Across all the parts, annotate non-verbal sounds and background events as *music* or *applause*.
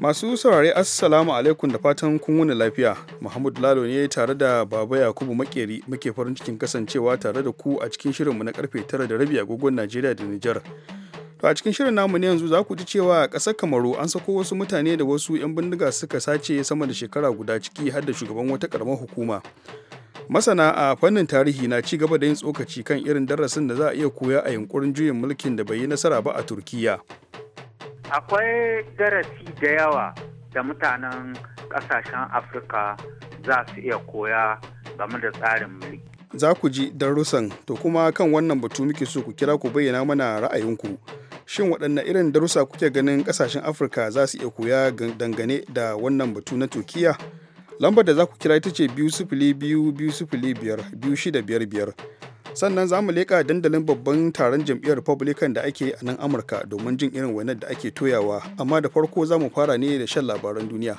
Masu saurare Assalamu alaikum da fatan kun wuni lafiya. Muhammad Lalo ne tare da Baba Yakubu Makeri muke farin cikin kasancewa tare da ku a cikin shirinmu na karfe 9 da rabi agogon Najeriya da Nijar. To a cikin shirin namu ne yanzu za ku ji cewa a ƙasar Kamaru an sako wasu mutane da wasu 'yan bindiga suka sace sama da shekara guda ciki har da shugaban wata ƙaramar hukuma. Masana a fannin tarihi na ci gaba da yin tsokaci kan irin darasin da za a iya koya a yunkurin juyin mulkin da bai yi nasara ba a Turkiyya. akwai darasi da yawa da mutanen kasashen afirka za su iya koya game da tsarin mulki za ku ji darussan to kuma kan wannan batu muke so ku kira ku bayyana mana ra'ayinku shin waɗanne irin darussa kuke ganin ƙasashen afirka za su iya koya dangane da wannan batu na turkiya lambar da za ku kira ita ce biyu sifili biyu biyu sifili biyar biyu shida biyar biyar sannan za mu leƙa dandalin babban taron jam'iyyar republican da ake a nan amurka domin jin irin wainar da ake toyawa amma da farko za mu fara ne da shan labaran duniya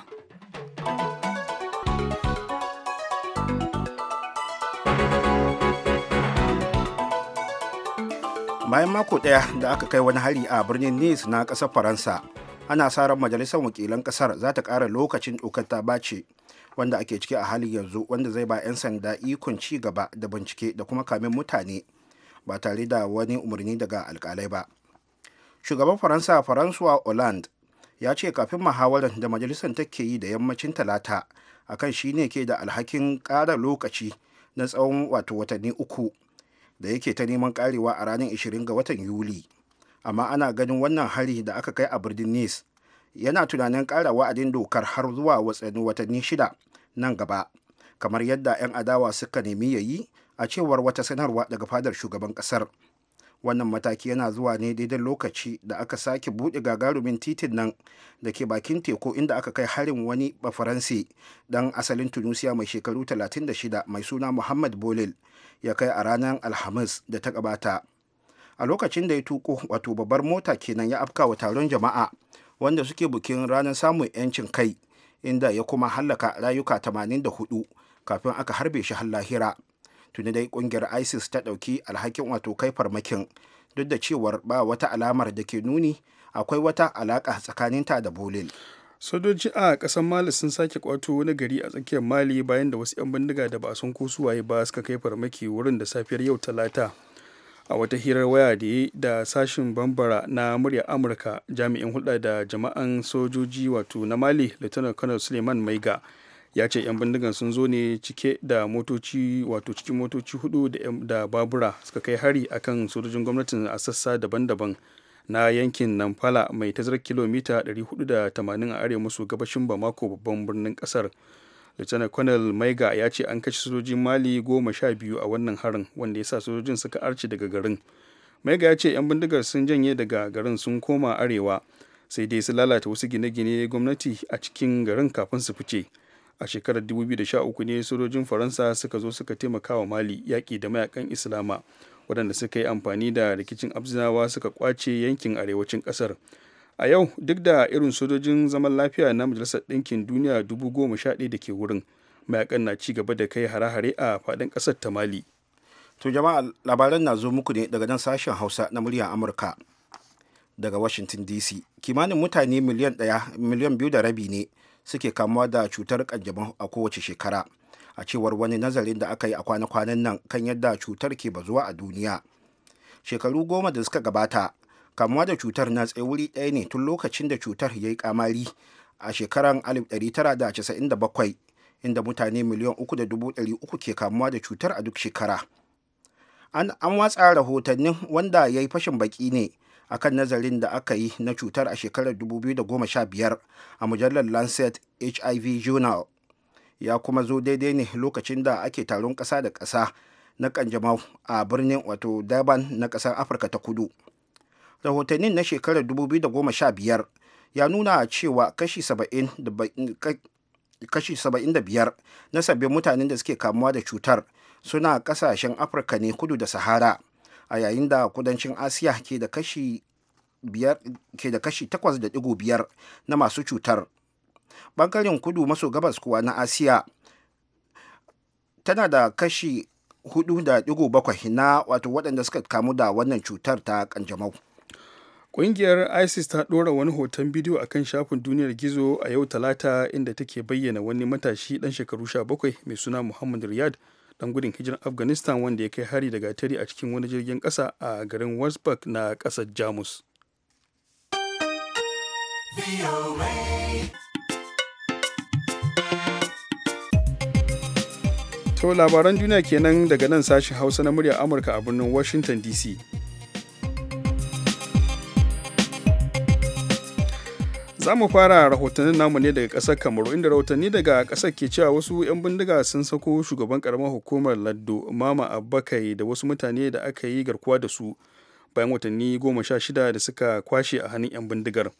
bayan mako ɗaya da aka kai wani hari a birnin nice na ƙasar faransa ana sa ran majalisar wakilan ƙasar za ta ƙara lokacin ɗaukar ta bace wanda ake ciki a halin yanzu wanda zai ba 'yan sanda ikon ci gaba da bincike da kuma kamin mutane ba tare da wani umarni daga alkalai ba shugaban faransa faransuwa hollande ya ce kafin muhawarar da majalisar take yi da yammacin talata akan shi ne ke da alhakin ƙara lokaci na tsawon wato watanni uku da yake ta neman karewa a ranar 20 ga watan yuli amma ana ganin wannan hari da aka kai a birnin nice yana tunanin kara wa'adin dokar har zuwa watanni shida nan gaba kamar yadda 'yan adawa suka nemi ya yi a cewar wata sanarwa daga fadar shugaban kasar wannan mataki yana zuwa ne daidai lokaci da aka sake buɗe gagarumin titin nan da ke bakin teku inda aka kai harin wani bafaransi dan asalin tunisia mai shekaru 36 mai suna muhammad bolil ya kai a ranar alhamis da ta gabata a lokacin da ya tuko wato babbar mota kenan ya afka wa taron jama'a wanda suke bukin ranar samun 'yancin kai inda ya kuma hallaka rayuka 84 kafin aka harbe shi har lahira tuni dai kungiyar isis ta dauki alhakin wato kai farmakin duk da cewar ba wata alamar da ke nuni akwai wata alaƙa tsakaninta da bolin sojoji a kasan mali sun sake kwato wani gari a tsakiyar mali bayan da wasu 'yan bindiga da ba sun kusuwaye ba suka kai farmaki wurin da safiyar yau talata a wata hirar waya da ya da sashin bambara na murya amurka jami'in hulɗa da jama'an sojoji wato na mali lieutenant colonel suleiman maiga ya ce 'yan bindigan sun zo ne cike da motoci wato cikin motoci hudu da babura suka kai hari akan sojojin gwamnatin a sassa daban-daban na yankin Namfala mai tazarar kilomita 480 a arewa maso gabashin Bamako babban birnin kasar. lieutenant colonel maiga ya ce an kashe sojojin mali goma sha biyu a wannan harin wanda ya sa sojojin suka arce daga garin maiga ya ce 'yan bindigar sun janye daga garin sun koma arewa sai dai su lalata wasu gine-gine gwamnati a cikin garin kafin su fice a shekarar 2013 ne sojojin faransa suka zo suka taimaka wa mali yaƙi da mayakan islama waɗanda suka yi amfani da rikicin abzinawa suka kwace yankin arewacin ƙasar a yau duk da irin sojojin zaman lafiya na majalisar ɗinkin duniya dubu goma sha ɗaya da ke wurin mayakan na ci gaba da kai hare-hare a faɗin ƙasar ta mali to jama'a labaran na zo muku ne daga nan sashen hausa na muryar amurka daga washington dc kimanin mutane miliyan ɗaya miliyan biyu da rabi ne suke kamuwa da cutar kanjamau a kowace shekara a cewar wani nazarin da aka yi a kwana-kwanan nan kan yadda cutar ke bazuwa a duniya shekaru goma da suka gabata kamuwa da cutar na tsaye wuri ɗaya ne tun lokacin da cutar ya yi kamari a shekarar 1997 inda mutane miliyan 3.300 ke kamuwa da cutar a duk shekara an, an watsa rahotannin wanda ya yi fashin baki ne a kan nazarin da aka yi na cutar a shekarar 2015 a mujallar lancet hiv journal ya kuma zo daidai ne lokacin da ake taron ƙasa da ƙasa na kanjamau a birnin wato daban na ƙasar afirka ta kudu rahotannin na shekarar 2015 ya nuna cewa kashi 75 na sabbin mutanen da suke kamuwa da cutar suna kasashen afirka ne kudu da sahara a yayin da kudancin asiya ke da kashi 8.5 na masu cutar bangaren kudu maso gabas kuwa na asiya tana da kashi 4.7 na wato waɗanda suka kamu da wannan cutar ta kanjamau Ƙungiyar ISIS ta ɗora wani hoton bidiyo a kan shafin duniyar gizo a yau Talata inda take bayyana wani matashi ɗan shekaru sha bakwai mai suna Muhammad Riyad ɗan gudun hijirar Afghanistan wanda ya kai hari da gatari a cikin wani jirgin ƙasa a garin Wolfsburg na ƙasar Jamus. To labaran duniya kenan daga nan sashen Hausa na murya Amurka a birnin Washington DC. za mu fara rahotannin namu ne daga ƙasar kamaru inda rahotanni daga ƙasar ke cewa wasu 'yan bindiga sun sako shugaban karamar hukumar laddo mama abbakai da wasu mutane da aka yi garkuwa da su bayan watanni goma sha shida da suka kwashe a hannun 'yan bindigar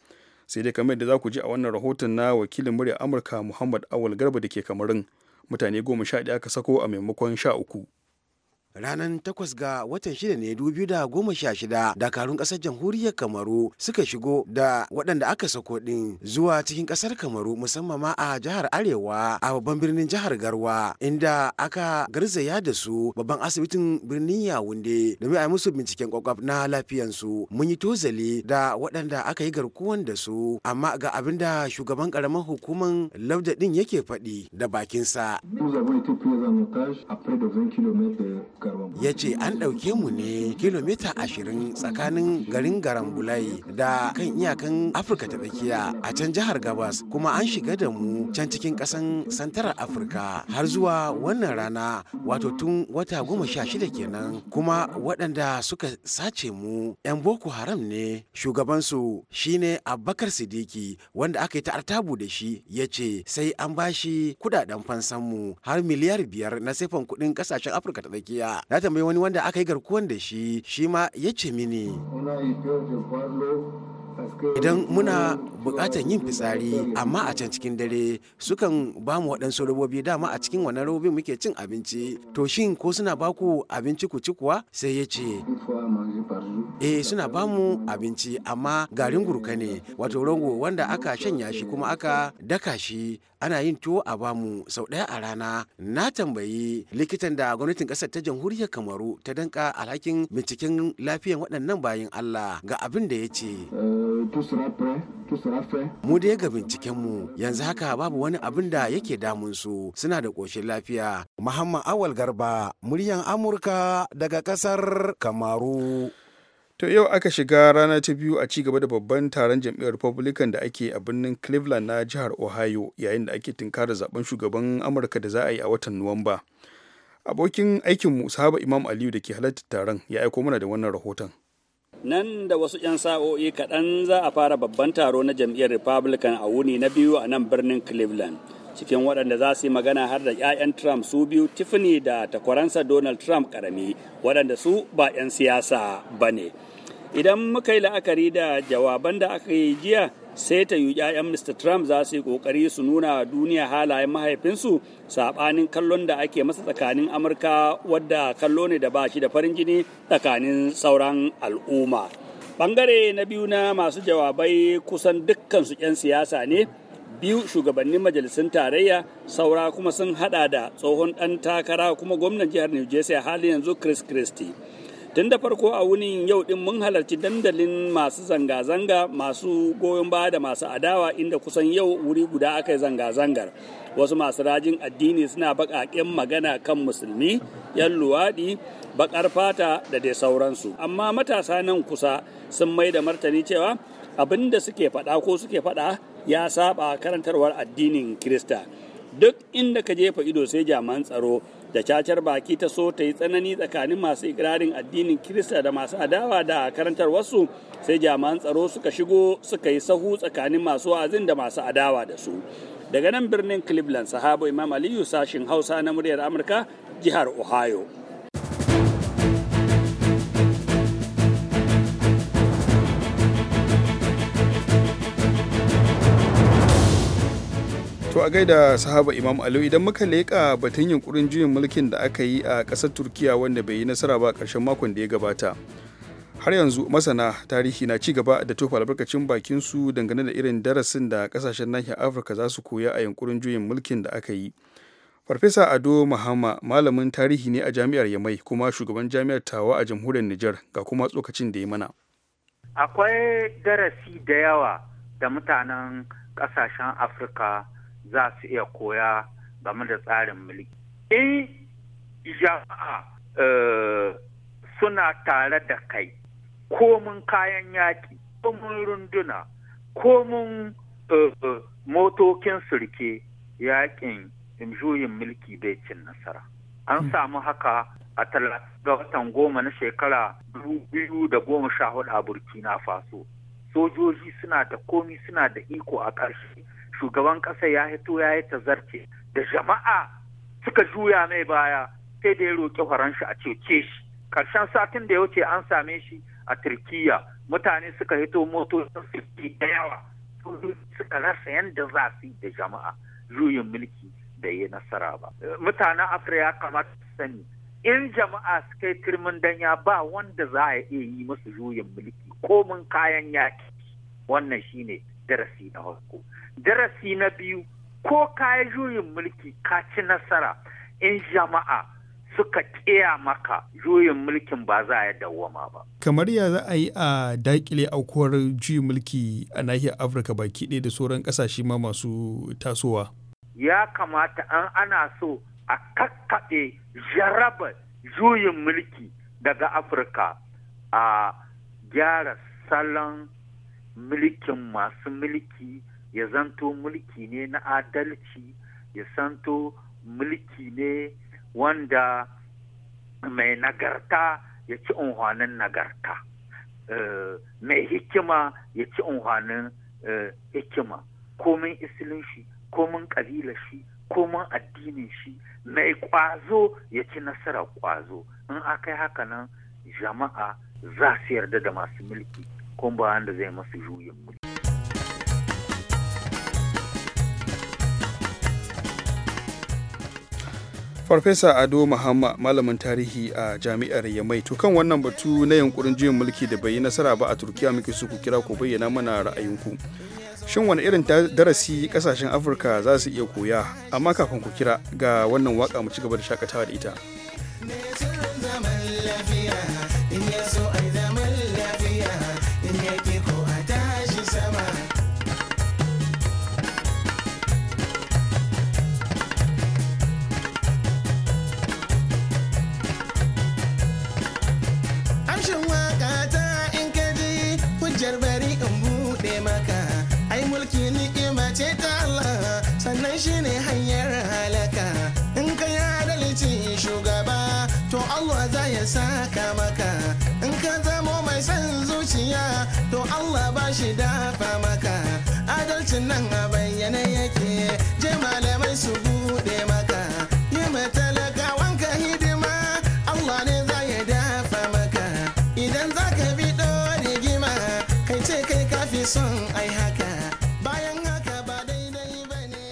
sai dai kamar da za ku ji a wannan rahoton na wakilin murya amurka muhammad awal garba da ke kamarin mutane goma sha ɗaya aka sako a maimakon sha uku ranar takwas ga watan shida-shida, ne 2016 dakarun kasar jamhuriyar kamaru suka shigo da waɗanda aka sako ɗin zuwa cikin ƙasar kamaru musamman ma a jihar arewa a babban birnin jihar garwa inda aka garzaya da su babban asibitin birnin yawunde domin a yi musu binciken kwakwaf na lafiyansu mun yi tozali da waɗanda aka yi garkuwan da su amma ga abin da shugaban karamar hukuman lauda ɗin yake faɗi da bakinsa. ya ce an ɗauke mu ne kilomita ashirin tsakanin garin bulai da kan iyakan afirka ta tsakiya a can jihar gabas kuma an shiga da mu can cikin ƙasan santarar afirka har zuwa wannan rana wato tun wata goma sha shida kenan kuma waɗanda suka sace mu 'yan boko haram ne shugabansu shine abubakar sidiki wanda aka yi ta'artabu da shi ya ce sai an bashi kudaden fansanmu har miliyar biyar na sifan kuɗin ƙasashen afirka ta tsakiya na tambayi wani wanda aka yi garkuwan da shi shi ma ya ce mini idan muna bukatar yin fitsari amma a can cikin dare sukan ba mu waɗansu robobi dama a cikin wannan robobin muke cin abinci to shin ko suna ba ku abinci ku ci kuwa sai ya ce eh suna ba mu abinci amma garin gurka ne wato rango wanda aka shanya shi kuma aka daka shi ana yin tuwo a bamu sau ɗaya a rana na tambayi likitan da gwamnatin ƙasar ta jamhuriyar kamaru ta danka alhakin binciken lafiyan waɗannan bayan allah ga abin da ya ce tout sera prêt mu dai ga bincikenmu yanzu haka babu wani abin da yake damun su suna da ƙoshin lafiya muhammad awal garba muryan amurka daga ƙasar kamaru to yau aka shiga rana ta biyu a ci gaba da babban taron jam'iyyar republican da ake a birnin cleveland na jihar ohio yayin da ake tinkara zaben shugaban amurka da za a yi a watan nuwamba abokin aikinmu sahaba imam aliyu da ke halartar taron ya aiko mana da wannan rahoton nan da wasu 'yan sa'o'i kaɗan za a fara babban taro na jam'iyyar republican a wuni na biyu a nan birnin cleveland cikin waɗanda za su yi magana har da 'ya'yan trump su biyu tiffany da takwaransa donald trump karami waɗanda su ba 'yan siyasa ba ne idan muka yi la'akari da jawaban da aka yi jiya sai ta yi 'ya'yan mr trump za su yi ƙoƙari su nuna wa duniya halayen mahaifinsu saɓanin kallon da ake masa tsakanin amurka wadda kallo ne da ba shi da farin jini tsakanin sauran al'umma bangare na biyu na masu jawabai kusan dukkansu 'yan siyasa ne biyu shugabannin majalisun tarayya saura kuma sun hada da tsohon dan takara kuma gwamnan jihar new jersey a halin yanzu chris christie tun da farko a wunin yau din mun halarci dandalin masu zanga-zanga masu goyon baya da masu adawa inda kusan yau wuri guda aka yi zanga-zangar wasu masu rajin addini suna baƙaƙen magana kan musulmi yan luwaɗi baƙar fata da dai sauransu amma matasa nan kusa sun mai da martani cewa abin da suke faɗa ko suke faɗa ya saba karantarwar addinin kirista duk inda ka jefa ido sai jaman tsaro da cacar baki ta so ta yi tsanani tsakanin masu ikirarin addinin kirista da masu adawa da karantar wasu sai jami'an tsaro suka shigo suka yi sahu tsakanin masu wa'azin da masu adawa da su daga nan birnin cleveland sahabo imam aliyu sashin hausa na muryar amurka jihar ohio To a gaida sahaba Imam Aliyu idan muka leƙa batun yunkurin juyin mulkin da aka yi a ƙasar Turkiya wanda bai yi nasara ba ƙarshen makon da ya gabata. Har yanzu masana tarihi na ci gaba da tofa albarkacin bakin su dangane da irin darasin da ƙasashen nahiyar Afirka za su koya a yunkurin juyin mulkin da aka yi. Farfesa Ado Mahama malamin tarihi ne a jami'ar Yamai kuma shugaban jami'ar Tawa a jamhuriyar Nijar ga kuma tsokacin da ya mana. Akwai darasi da yawa da mutanen ƙasashen Afirka za su iya koya game da tsarin mulki in eh, jama'a eh, suna tare da kai komun kayan yaƙi komun runduna komun eh, motokin sirke yaƙin juyin mulki bai cin nasara an hmm. samu haka a ga watan goma na shekara biyu da goma sha hudu a burkina faso sojoji suna da komi suna da iko a ƙarshe shugaban ƙasa ya hito ya yi tazarce da jama'a suka juya mai baya sai da ya roƙi faransa a cece shi ƙarshen satin da ya wuce an same shi a turkiya mutane suka hito motocin sirki da yawa suka rasa yadda za su yi da jama'a juyin mulki da ya nasara ba mutanen afirka ya kamata su sani in jama'a suka yi turmin danya ba wanda za a iya yi musu juyin mulki komin kayan yaki wannan shine darasi na farko darasi na biyu ko ka yi juyin mulki ka ci nasara in jama'a suka kiya maka juyin mulkin ba za a dawwama ba. Kamar ya za a yi a daƙile aukuwar juyin mulki a nahiyar Afirka baki ɗaya da sauran ƙasashe ma masu tasowa. Ya kamata an ana so a kakkaɓe jaraba juyin mulki daga Afirka a gyara salon mulkin masu mulki ya zanto mulki ne na adalci ya santo mulki ne wanda mai nagarta ya ci unhwanin nagarta eh, mai hikima ya ci unhwanin eh, hikima komin isilin shi komin ƙabilar shi komin addinin shi mai ƙwazo ya ci nasarar ƙwazo in aka yi haka nan jama'a za su yarda da masu mulki kuma ba wanda zai masu juyin kuɗi. farfesa ado mahama malamin tarihi a jami'ar yamai to kan wannan batu na yankurin juyin mulki da bai yi nasara ba a turkiya muke su ku kira ku bayyana mana ra'ayinku shin wani irin darasi kasashen afirka za su iya koya amma kafin ku kira ga wannan waka mu ci gaba da shakatawa da ita Summer. karatun nan a bayyana yake je malamai su bude maka yi matalakawan ka hidima Allah ne za ya dafa maka idan za ka bi ɗori gima kai ce kai kafi son ai haka bayan haka ba daidai ba ne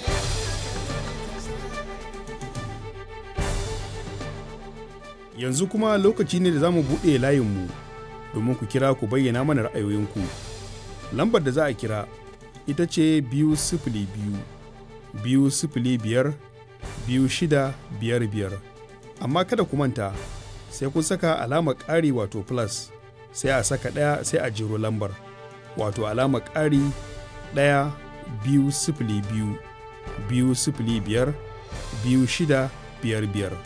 yanzu kuma lokaci ne da za mu buɗe layinmu domin ku kira ku bayyana mana ra'ayoyinku lambar da za a kira ita ce biyu sifili biyu biyu sifili biyar biyu shida biyar biyar amma kada ku manta sai kun saka alama ƙari wato plus sai a saka ɗaya sai a jiro lambar wato alama ƙari ɗaya biyu sifili biyu biyu sifili biyar biyu shida biyar biyar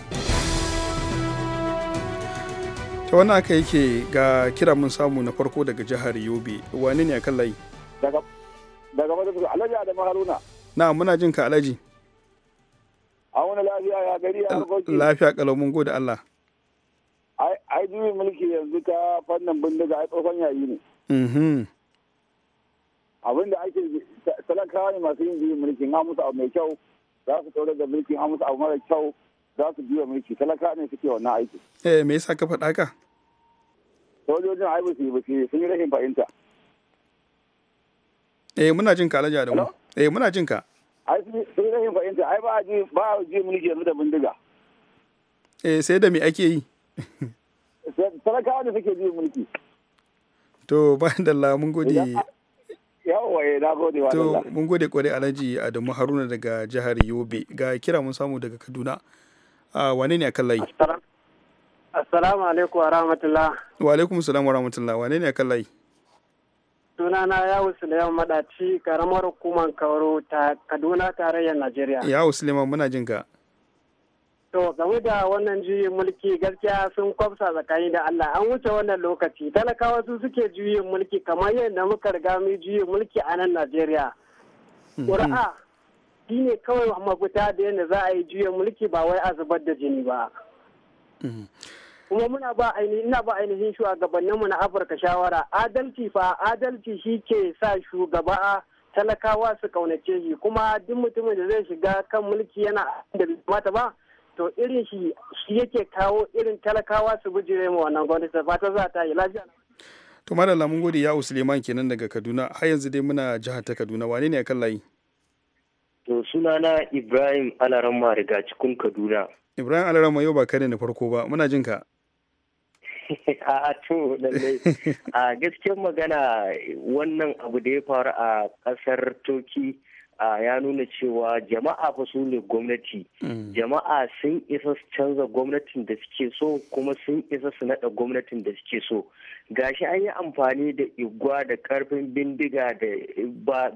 ta wani aka yake ga kira mun samu na farko daga jihar yobe wani ne a kan layi daga madafur alhaji adamu haruna na muna jin ka alhaji a wani lafiya ya gari ya gogi lafiya kalamun gode allah ai juyin mulki yanzu ta fannin bindiga ai tsohon yayi ne mhm abinda ake talakawa ne masu yin juyin mulki an musu abu mai kyau za su tsoron da mulki an musu abu mara kyau za su juya mulki talakawa ne suke wannan aiki eh me yasa ka faɗa ka sojojin ai ba su yi ba su yi sun yi rashin fahimta Eh muna jin ka Alhaji Adamu. Eh muna jin ka. Ai sun rahin fahimta ai ba ji ba a ji mun mu da bindiga. Eh sai da me ake yi? Talakawa da suke ji mulki. To *laughs* ba da Allah mun gode. Yawwa eh, na gode wa To mun gode kwarai Alhaji Adamu Haruna daga jihar Yobe ga kira mun samu daga Kaduna. wane ne akan layi? Assalamu alaikum wa rahmatullah. Wa alaikum assalam wa rahmatullah. Wane ne akan layi? sunana yawu suleiman madaci karamar hukumar kauro ta kaduna tarayyar najeriya suleiman muna jin ka to game da wannan juyin mulki gaskiya sun kwafsa tsakani da allah an wuce wannan lokaci talakawa su suke juyin mulki kamar yadda muka riga mu juyin mulki a nan najeriya hmm. ƙuri'a shi ne kawai mafita da yadda za a yi juyin mulki ba wai a zubar da jini ba hmm. kuma muna ba ainihin ina ba ainihin mu na afirka shawara adalci fa adalci shi ke sa shugaba talakawa su kaunace shi kuma duk mutumin da zai shiga kan mulki yana da mata ba to irin shi shi yake kawo irin talakawa su bujire mu wannan gwamnati fata za ta yi lafiya to madalla mun gode ya suleiman kenan daga kaduna har yanzu dai muna jihar ta kaduna wane ne akan layi to sunana ibrahim alaramma daga cikin kaduna ibrahim alaramma yau ba kare na farko ba muna jin ka *laughs* a to lalle *laughs* a gaskiyar magana wannan abu da ya faru a kasar turki ya nuna cewa jama'a fa su ne gwamnati mm. jama'a sun isa su canza gwamnatin da suke so kuma sun isa su naɗa gwamnatin da suke so gashi an yi amfani da igwa da karfin bindiga da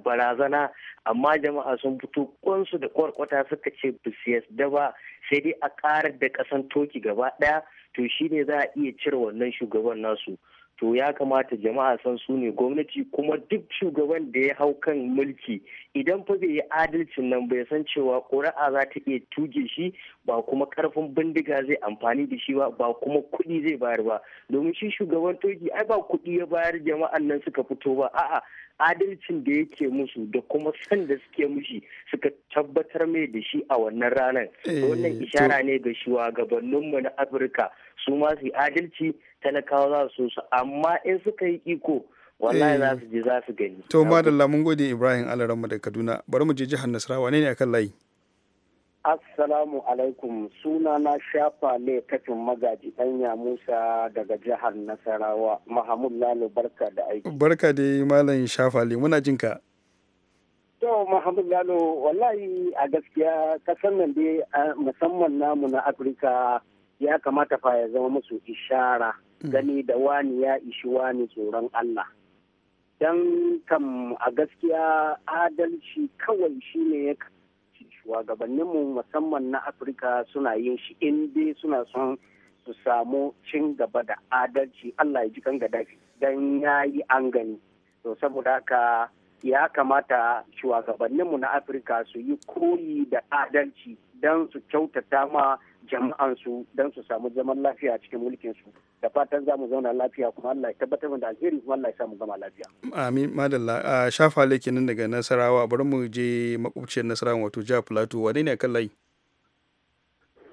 barazana amma jama'a sun fito kwansu da kwarkwata suka ce bisiyas da ba sai dai a ƙarar da ƙasan toki gaba daya to shine za a iya cire wannan shugaban nasu to ya kamata jama'a san su ne gwamnati kuma duk shugaban da ya hau kan mulki idan fa bai yi adalcin nan bai san cewa ƙuri'a za ta iya tuge shi ba kuma karfin bindiga zai amfani da shi ba ba kuma kuɗi zai bayar ba domin shi shugaban toki ai ba kuɗi ya bayar jama'an nan suka fito ba a'a adalcin da yake musu da kuma san da suke mushi suka tabbatar mai da shi a wannan ranar eh, wannan ishara ne ga shugabanninmu na afirka su ma su adalci talakawa za su su amma in suka yi iko wallahi eh. za su je za su gani to madalla mun gode ibrahim alaramma da kaduna bari mu je jihar nasarawa ne ne akan layi assalamu alaikum suna na shafa ne kafin magaji ɗanya musa daga jihar nasarawa mahamud lalo barka da aiki barka da malam shafa ne muna jinka To Mahamud Lalo wallahi a gaskiya kasan nan dai musamman namu na Afirka ya kamata fa ya zama musu ishara hmm. gani da wani ya ishi wani tsoron Allah. Don kam a gaskiya adalci kawai shi ne ya shugabanninmu musamman na Afirka suna yin shi in dai suna son su samu cin gaba da adalci Allah ya ji kan shi don ya yi an gani. To saboda haka ya kamata shugabanninmu na Afirka su yi koyi da adalci don su kyautata ma jama'ansu don su samu zaman lafiya a cikin mulkin su da fatan za mu zauna lafiya kuma Allah ya tabbatar da alheri kuma Allah ya samu gama lafiya amin madalla a shafa kenan daga nasarawa bari mu je makwabciyar nasarawa wato jihar plateau wa ne akan layi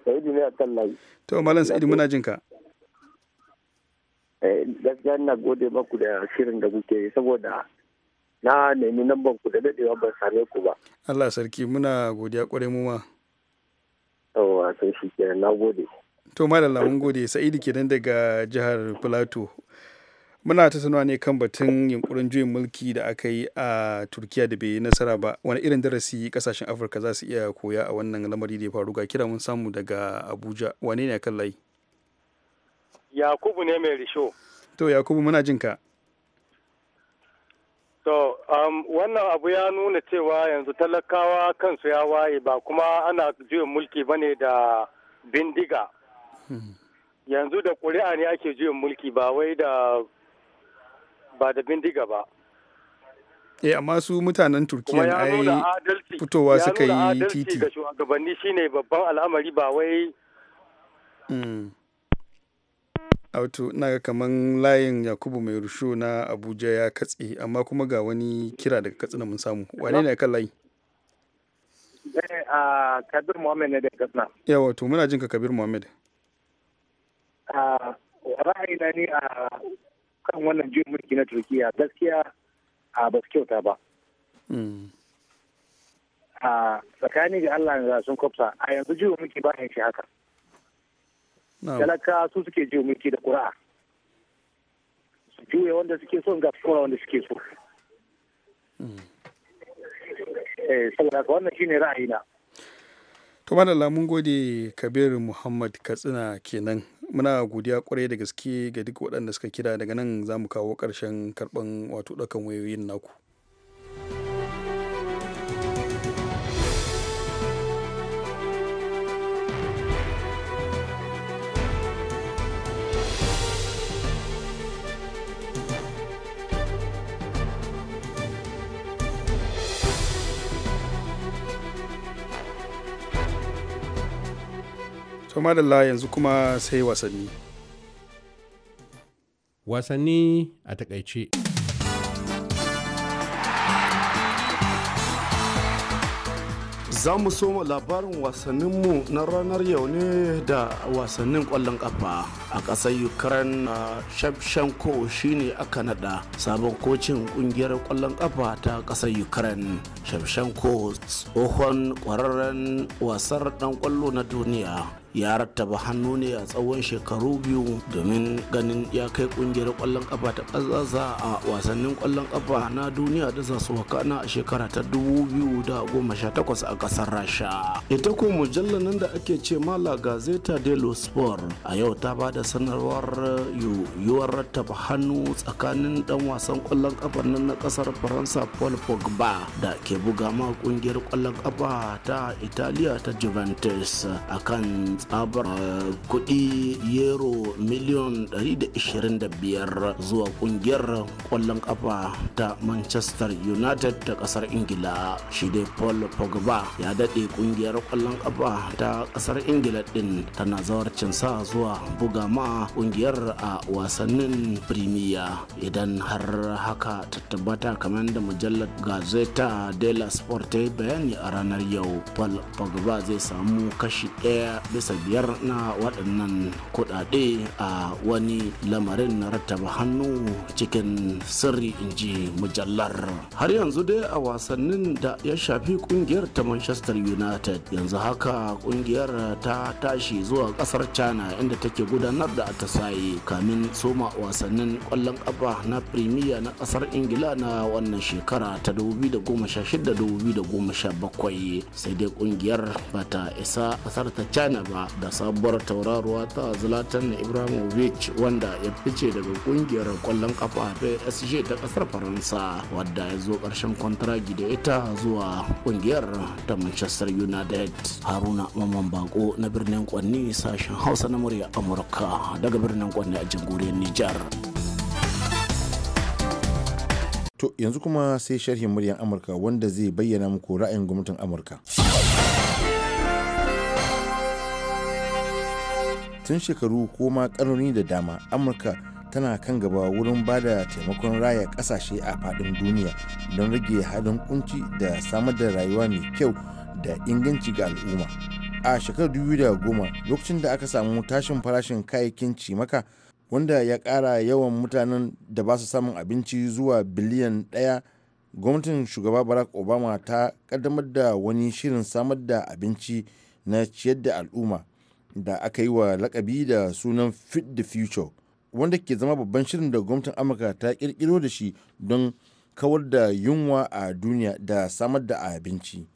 sa'idu ne akan layi to malam sa'idu muna jinka eh, gaskiya na gode maku da shirin da kuke saboda na nemi namban ku da dadewa ban same ku ba Allah sarki muna godiya kwarai mu ma yawa shi ke na gode to madalla mun gode sa'idu kenan daga jihar plateau muna ta sanuwa ne kan batun yunkurin juyin mulki da aka yi a turkiya da bai nasara ba wani irin darasi kasashen afirka za su iya koya a wannan lamari da ya faru ga kira mun samu daga abuja wane ne kan layi yakubu ne mai risho to yakubu muna jinka. ka To, um, wannan abu ya nuna cewa yanzu talakawa kansu ya waye ba kuma ana juyin mulki ba ne da bindiga. Hmm. Yanzu da ƙuri'a ne ake juyin mulki ba wai da ba da bindiga ba. Eh, amma su mutanen Turkiya ai fitowa suka yi titi. Ya nuna adalci ga shugabanni shine babban al'amari ba wai. Hmm. auto na ga kaman layin yakubu mai rusho na abuja ya katse amma kuma ga wani kira daga katsina mun samu wane ne kan layi eh, kabir muhammed ne da katsina yawa to muna jin ka kabir ra'ayi na ne a kan wannan juyin mulki na turkiya gaskiya a ba su kyauta ba hmm. a tsakani ga allah sun kwafsa a yanzu juyin mulki ba shi haka talaka su suke jiwo mulki da ƙura su juya wanda suke so ga kuma wanda suke so hmm. eh, saboda ka wannan shine ra'ayina to malala mun gode kabir muhammad katsina kenan muna godiya kwarai da gaske ga duk waɗanda suka kira daga nan za mu kawo ƙarshen karɓan wato ɗaukan wayoyin naku to madalla yanzu kuma sai wasanni wasanni a takaice za mu so labarin wasanninmu na ranar yau ne da wasannin kwallon kafa a ƙasar ukraine shi shine aka nada sabon kocin kungiyar kwallon kafa ta ƙasar ukraine Sheb-Shen-Ko, tsohon ƙwararren wasar dan kwallo na duniya ya rattaba hannu ne a tsawon shekaru biyu domin ganin ya kai kungiyar kwallon kafa ta ƙasarsa a wasannin kwallon kafa na duniya da za su wakana a shekara ta 2018 a ƙasar rasha ita ku mujallar nan da ake ce mala gazeta los sport a yau ta ba da sanarwar yiwuwar rattaba hannu tsakanin dan wasan kwallon kafa nan na ƙasar faransa paul pogba da ke buga ma kungiyar kwallon kafa ta italiya ta juventus akan tsabar eh, kudi euro miliyon 125 zuwa kungiyar kwallon kafa ta manchester united ta kasar ingila shi dai paul pogba ya daɗe kungiyar kwallon kafa ta kasar ingila ɗin tana zawarcin sa zuwa buga ma kungiyar a wasannin premier idan har haka ta tabbata kamar da mujallar gazeta la sport ta yi bayani a ranar yau paul pogba zai samu kashi ɗaya bisa kasar biyar na waɗannan kuɗaɗe a wani lamarin na rattaba hannu cikin sirri in ji mujallar har yanzu dai a wasannin da ya shafi ƙungiyar ta manchester united yanzu haka ƙungiyar ta tashi zuwa ƙasar china inda take gudanar da atasaye kamin soma wasannin kwallon ƙafa na premier na ƙasar ingila na wannan shekara ta 2016-2017 sai dai ƙungiyar ba ta isa kasar ta china ba da sabuwar tauraruwa ta zlatan ibrahimovic wanda ya fice daga kungiyar kwallon kafa ta sg ta kasar faransa wadda ya zo karshen kwantaragi da ita zuwa kungiyar ta manchester united haruna maman bako na birnin kwanni sashen hausa na murya amurka daga birnin kwanni a jamhuriyar nijar to yanzu kuma sai sharhin muryar amurka wanda zai bayyana muku ra'ayin gwamnatin amurka tun shekaru ko ma karnoni da dama amurka tana kan gaba wurin ba da taimakon raya kasashe a fadin duniya don rage halin kunci da samar da rayuwa mai kyau da inganci ga al'umma a shekarar 2010 lokacin da aka samu tashin farashin kayayyakin cimaka wanda ya kara yawan mutanen da ba su samun abinci zuwa biliyan ɗaya gwamnatin shugaba barack obama ta ƙaddamar da wani shirin samar da abinci na ciyar da al'umma da aka yi wa lakabi da sunan fit the future wanda ke zama babban shirin da gwamnatin amurka ta kirkiro da shi don kawar da yunwa a duniya da samar da abinci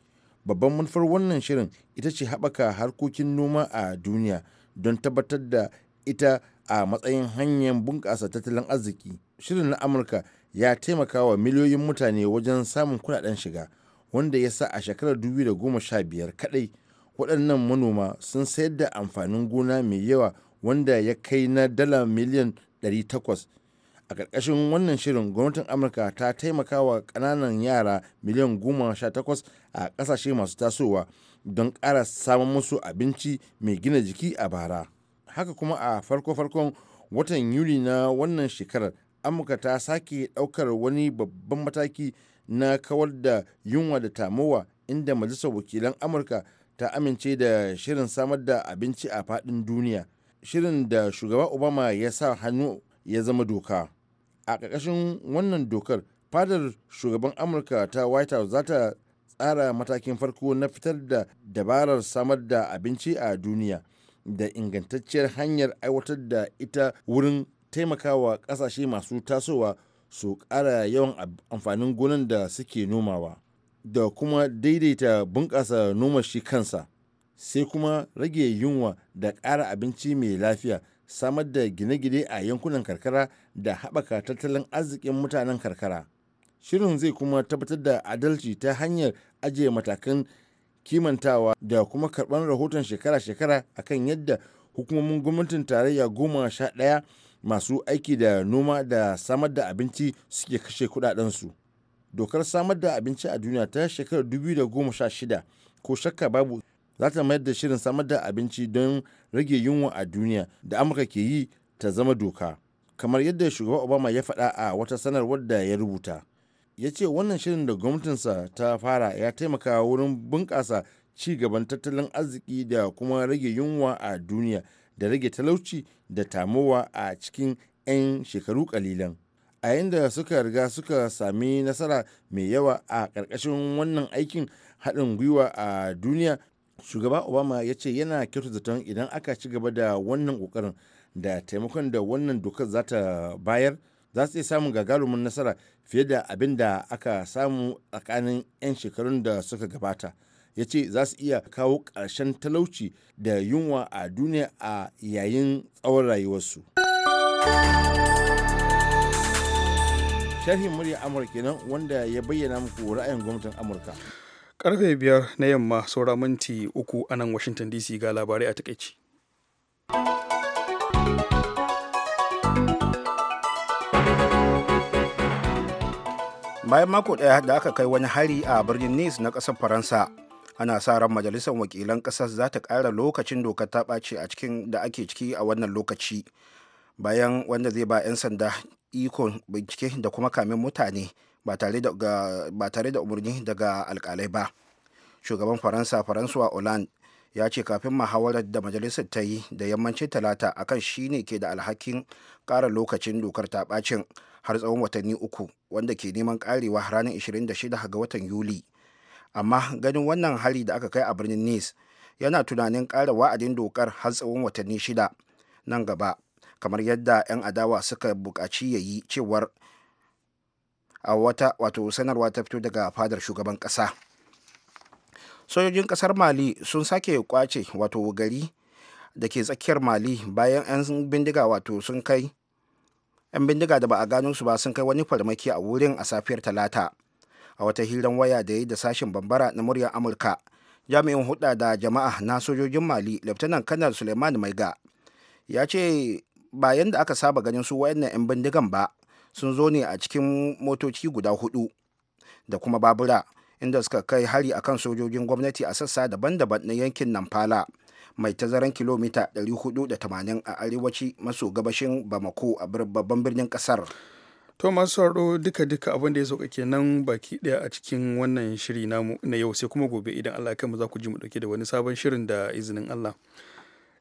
babban manufar wannan shirin ita ce haɓaka harkokin noma a duniya don tabbatar da ita a matsayin hanyar bunƙasa tattalin arziki shirin na amurka ya taimaka wa miliyoyin mutane wajen samun kudaden shiga wanda ya sa a shekarar 2015 kadai waɗannan manoma sun sayar da amfanin gona mai yawa wanda ya kai na dala miliyan 800 a ƙarƙashin wannan shirin gwamnatin amurka ta taimaka wa ƙananan yara miliyan 18 a ƙasashe masu tasowa don ƙara samun musu abinci mai gina jiki a bara haka kuma a farko-farkon watan yuli na wannan shekarar amurka ta sake ɗaukar wani babban mataki na kawar da yunwa da tamowa inda majalisar wakilan amurka ta amince da shirin samar da abinci a fadin duniya shirin da shugaba obama ya sa hannu ya zama doka a ƙarƙashin wannan dokar fadar shugaban amurka ta white house za ta tsara matakin farko na fitar da dabarar samar da abinci a duniya da ingantacciyar hanyar aiwatar da ita wurin taimakawa ƙasashe masu tasowa su ƙara yawan amfanin gonan da suke nomawa. da kuma daidaita bunƙasa noma shi kansa sai kuma rage yunwa da ƙara abinci mai lafiya samar da gine-gine a yankunan karkara da haɓaka tattalin arzikin mutanen karkara shirin zai kuma tabbatar da adalci ta hanyar ajiye matakan kimantawa da kuma karɓar rahoton shekara-shekara akan yadda hukumomin gwamnatin tarayya goma sha ɗaya masu aiki da noma da samar da abinci suke kashe kuɗaɗensu. dokar samar da abinci a duniya ta shekarar 2016 ko shakka babu za ta mayar da shirin samar da abinci don rage yunwa a duniya da amurka ke yi ta zama doka kamar yadda shugaban obama ya faɗa a wata sanarwar da ya rubuta ya ce wannan shirin da gwamnatinsa ta fara ya taimaka wurin bunƙasa ci gaban tattalin arziki da kuma rage yunwa a duniya da rage talauci da tamowa a cikin 'yan shekaru kalilan. a yadda suka riga suka sami nasara mai yawa a ƙarƙashin wannan aikin haɗin gwiwa a duniya shugaba obama ya ce yana kyautu zaton idan aka ci gaba da wannan ƙoƙarin da taimakon da wannan dokar za ta bayar za su iya samun gagarumin nasara fiye da abin da aka samu tsakanin 'yan shekarun da suka gabata ya ce za su iya kawo ƙarshen talauci da yunwa a duniya a yayin tsawon rayuwarsu. sharhin murya amurka nan wanda ya bayyana muku ra'ayin gwamnatin amurka karfe biyar na yamma saura minti uku a nan washington dc ga labarai a takaici bayan mako daya da aka kai wani hari a birnin nice na kasar faransa ana sa ran majalisar wakilan kasar za ta kara lokacin dokar ta ɓace a cikin da ake ciki a wannan lokaci bayan wanda zai ba 'yan sanda ikon bincike da kuma kamin mutane ba tare da umarni daga alkalai ba shugaban faransa faransuwa hollande ya ce kafin muhawarar da majalisar ta yi da yammacin talata akan shi ne ke da alhakin ƙara lokacin dokar ta har tsawon watanni uku wanda ke neman karewa ranar 26 ga watan yuli amma ganin wannan hari da aka kai a birnin nice yana tunanin ƙara wa'adin dokar har tsawon watanni shida nan gaba kamar yadda 'yan adawa suka bukaci ya yi cewar a wata wato sanarwa ta fito daga fadar shugaban ƙasa sojojin ƙasar mali sun sake kwace wato gari da ke tsakiyar mali bayan 'yan bindiga wato sun kai 'yan bindiga da ba a gano su ba sun kai wani farmaki a wurin a safiyar talata a wata hiran waya da ya da sashen bambara na muryar amurka jami'in hudada da jama'a na sojojin mali lieutenant kanar suleiman maiga ya ce ba yadda aka saba ganin su wayannan 'yan bindigan ba sun zo ne a cikin motoci guda hudu da kuma babura inda suka kai hari akan sojojin gwamnati a sassa daban-daban na yankin Nampala mai tazaran kilomita 480 a arewaci maso gabashin Bamako a babban birnin kasar. To masu duka-duka abin da ya sauka kenan baki daya a cikin wannan shiri na yau sai kuma gobe idan Allah kai mu za ku ji mu dauke da wani sabon shirin da izinin Allah.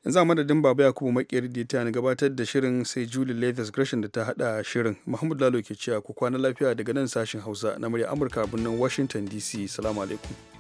yanzu a madadin baba yakubu makiyar da ta gabatar da shirin sai julie levis gresham da ta hada shirin muhammadu lalo ke cewa ku kwana lafiya daga nan sashen hausa na murya amurka birnin washington dc salamu alaikum